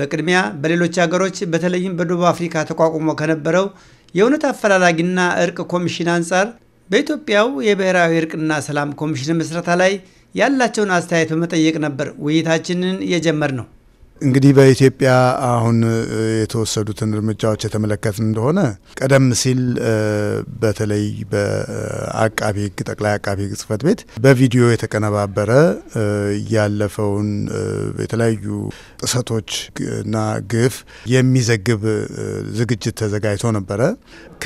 በቅድሚያ በሌሎች ሀገሮች በተለይም በደቡብ አፍሪካ ተቋቁሞ ከነበረው የእውነት አፈላላጊና እርቅ ኮሚሽን አንጻር በኢትዮጵያው የብሔራዊ እርቅና ሰላም ኮሚሽን ምስረታ ላይ ያላቸውን አስተያየት በመጠየቅ ነበር ውይይታችንን የጀመር ነው። እንግዲህ በኢትዮጵያ አሁን የተወሰዱትን እርምጃዎች የተመለከትን እንደሆነ ቀደም ሲል በተለይ በአቃቢ ሕግ ጠቅላይ አቃቢ ሕግ ጽሕፈት ቤት በቪዲዮ የተቀነባበረ ያለፈውን የተለያዩ ጥሰቶች እና ግፍ የሚዘግብ ዝግጅት ተዘጋጅቶ ነበረ።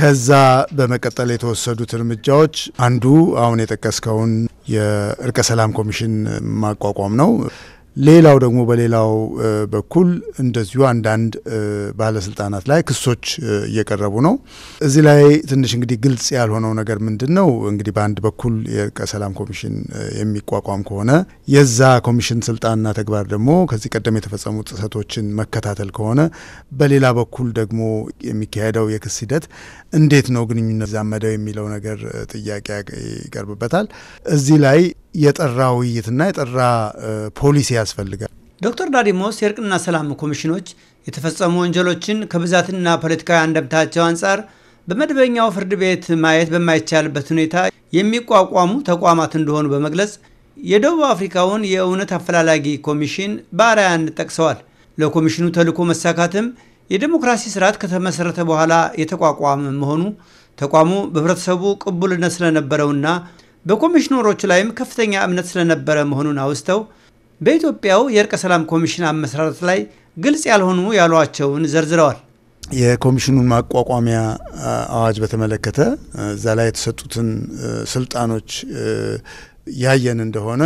ከዛ በመቀጠል የተወሰዱት እርምጃዎች አንዱ አሁን የጠቀስከውን የእርቀ ሰላም ኮሚሽን ማቋቋም ነው። ሌላው ደግሞ በሌላው በኩል እንደዚሁ አንዳንድ ባለስልጣናት ላይ ክሶች እየቀረቡ ነው። እዚህ ላይ ትንሽ እንግዲህ ግልጽ ያልሆነው ነገር ምንድን ነው? እንግዲህ በአንድ በኩል የእርቀ ሰላም ኮሚሽን የሚቋቋም ከሆነ የዛ ኮሚሽን ስልጣንና ተግባር ደግሞ ከዚህ ቀደም የተፈጸሙ ጥሰቶችን መከታተል ከሆነ፣ በሌላ በኩል ደግሞ የሚካሄደው የክስ ሂደት እንዴት ነው ግንኙነት ዛመደው የሚለው ነገር ጥያቄ ይቀርብበታል። እዚህ ላይ የጠራ ውይይትና የጠራ ፖሊሲ ያስፈልጋል። ዶክተር ዳዲሞስ የእርቅና ሰላም ኮሚሽኖች የተፈጸሙ ወንጀሎችን ከብዛትና ፖለቲካዊ አንደምታቸው አንጻር በመደበኛው ፍርድ ቤት ማየት በማይቻልበት ሁኔታ የሚቋቋሙ ተቋማት እንደሆኑ በመግለጽ የደቡብ አፍሪካውን የእውነት አፈላላጊ ኮሚሽን በአርአያነት ጠቅሰዋል። ለኮሚሽኑ ተልዕኮ መሳካትም የዴሞክራሲ ስርዓት ከተመሰረተ በኋላ የተቋቋመ መሆኑ ተቋሙ በህብረተሰቡ ቅቡልነት ስለነበረውና በኮሚሽነሮች ላይም ከፍተኛ እምነት ስለነበረ መሆኑን አውስተው በኢትዮጵያው የእርቀ ሰላም ኮሚሽን አመሰራረት ላይ ግልጽ ያልሆኑ ያሏቸውን ዘርዝረዋል። የኮሚሽኑን ማቋቋሚያ አዋጅ በተመለከተ እዛ ላይ የተሰጡትን ስልጣኖች ያየን እንደሆነ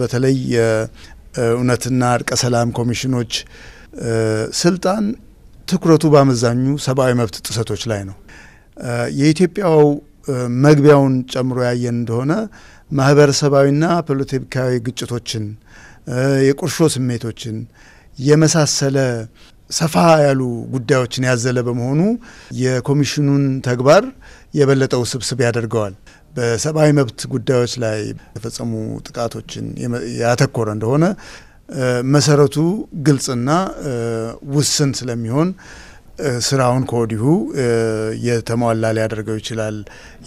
በተለይ የእውነትና እርቀ ሰላም ኮሚሽኖች ስልጣን ትኩረቱ በአመዛኙ ሰብአዊ መብት ጥሰቶች ላይ ነው። የኢትዮጵያው መግቢያውን ጨምሮ ያየን እንደሆነ ማህበረሰባዊና ፖለቲካዊ ግጭቶችን፣ የቁርሾ ስሜቶችን የመሳሰለ ሰፋ ያሉ ጉዳዮችን ያዘለ በመሆኑ የኮሚሽኑን ተግባር የበለጠ ውስብስብ ያደርገዋል። በሰብአዊ መብት ጉዳዮች ላይ የፈጸሙ ጥቃቶችን ያተኮረ እንደሆነ መሰረቱ ግልጽና ውስን ስለሚሆን ስራውን ከወዲሁ የተሟላ ሊያደርገው ይችላል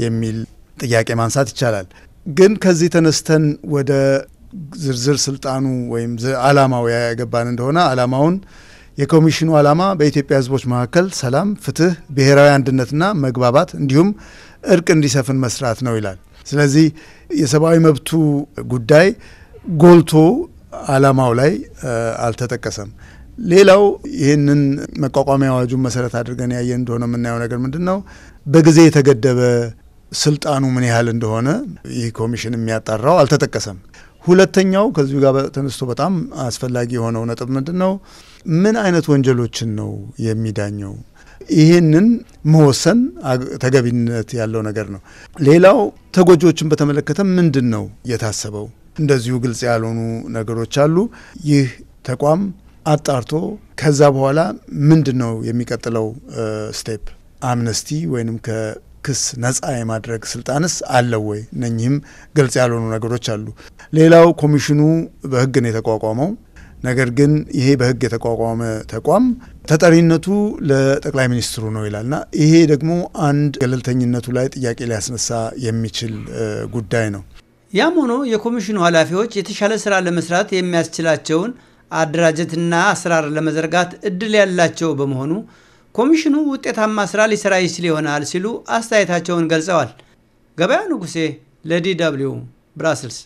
የሚል ጥያቄ ማንሳት ይቻላል። ግን ከዚህ ተነስተን ወደ ዝርዝር ስልጣኑ ወይም አላማው ያገባን እንደሆነ አላማውን የኮሚሽኑ አላማ በኢትዮጵያ ሕዝቦች መካከል ሰላም፣ ፍትህ፣ ብሔራዊ አንድነትና መግባባት እንዲሁም እርቅ እንዲሰፍን መስራት ነው ይላል። ስለዚህ የሰብአዊ መብቱ ጉዳይ ጎልቶ አላማው ላይ አልተጠቀሰም። ሌላው ይህንን መቋቋሚያ አዋጁን መሰረት አድርገን ያየ እንደሆነ የምናየው ነገር ምንድን ነው? በጊዜ የተገደበ ስልጣኑ ምን ያህል እንደሆነ ይህ ኮሚሽን የሚያጣራው አልተጠቀሰም። ሁለተኛው ከዚሁ ጋር ተነስቶ በጣም አስፈላጊ የሆነው ነጥብ ምንድን ነው? ምን አይነት ወንጀሎችን ነው የሚዳኘው? ይህንን መወሰን ተገቢነት ያለው ነገር ነው። ሌላው ተጎጂዎችን በተመለከተ ምንድን ነው የታሰበው? እንደዚሁ ግልጽ ያልሆኑ ነገሮች አሉ። ይህ ተቋም አጣርቶ ከዛ በኋላ ምንድን ነው የሚቀጥለው ስቴፕ? አምነስቲ ወይንም ከክስ ነጻ የማድረግ ስልጣንስ አለው ወይ? እነኚህም ግልጽ ያልሆኑ ነገሮች አሉ። ሌላው ኮሚሽኑ በህግ ነው የተቋቋመው። ነገር ግን ይሄ በህግ የተቋቋመ ተቋም ተጠሪነቱ ለጠቅላይ ሚኒስትሩ ነው ይላልና ይሄ ደግሞ አንድ ገለልተኝነቱ ላይ ጥያቄ ሊያስነሳ የሚችል ጉዳይ ነው። ያም ሆኖ የኮሚሽኑ ኃላፊዎች የተሻለ ስራ ለመስራት የሚያስችላቸውን አደራጀትና አሰራር ለመዘርጋት እድል ያላቸው በመሆኑ ኮሚሽኑ ውጤታማ ስራ ሊሰራ ይችል ይሆናል ሲሉ አስተያየታቸውን ገልጸዋል። ገበያ ንጉሴ ለዲ ደብልዩ ብራስልስ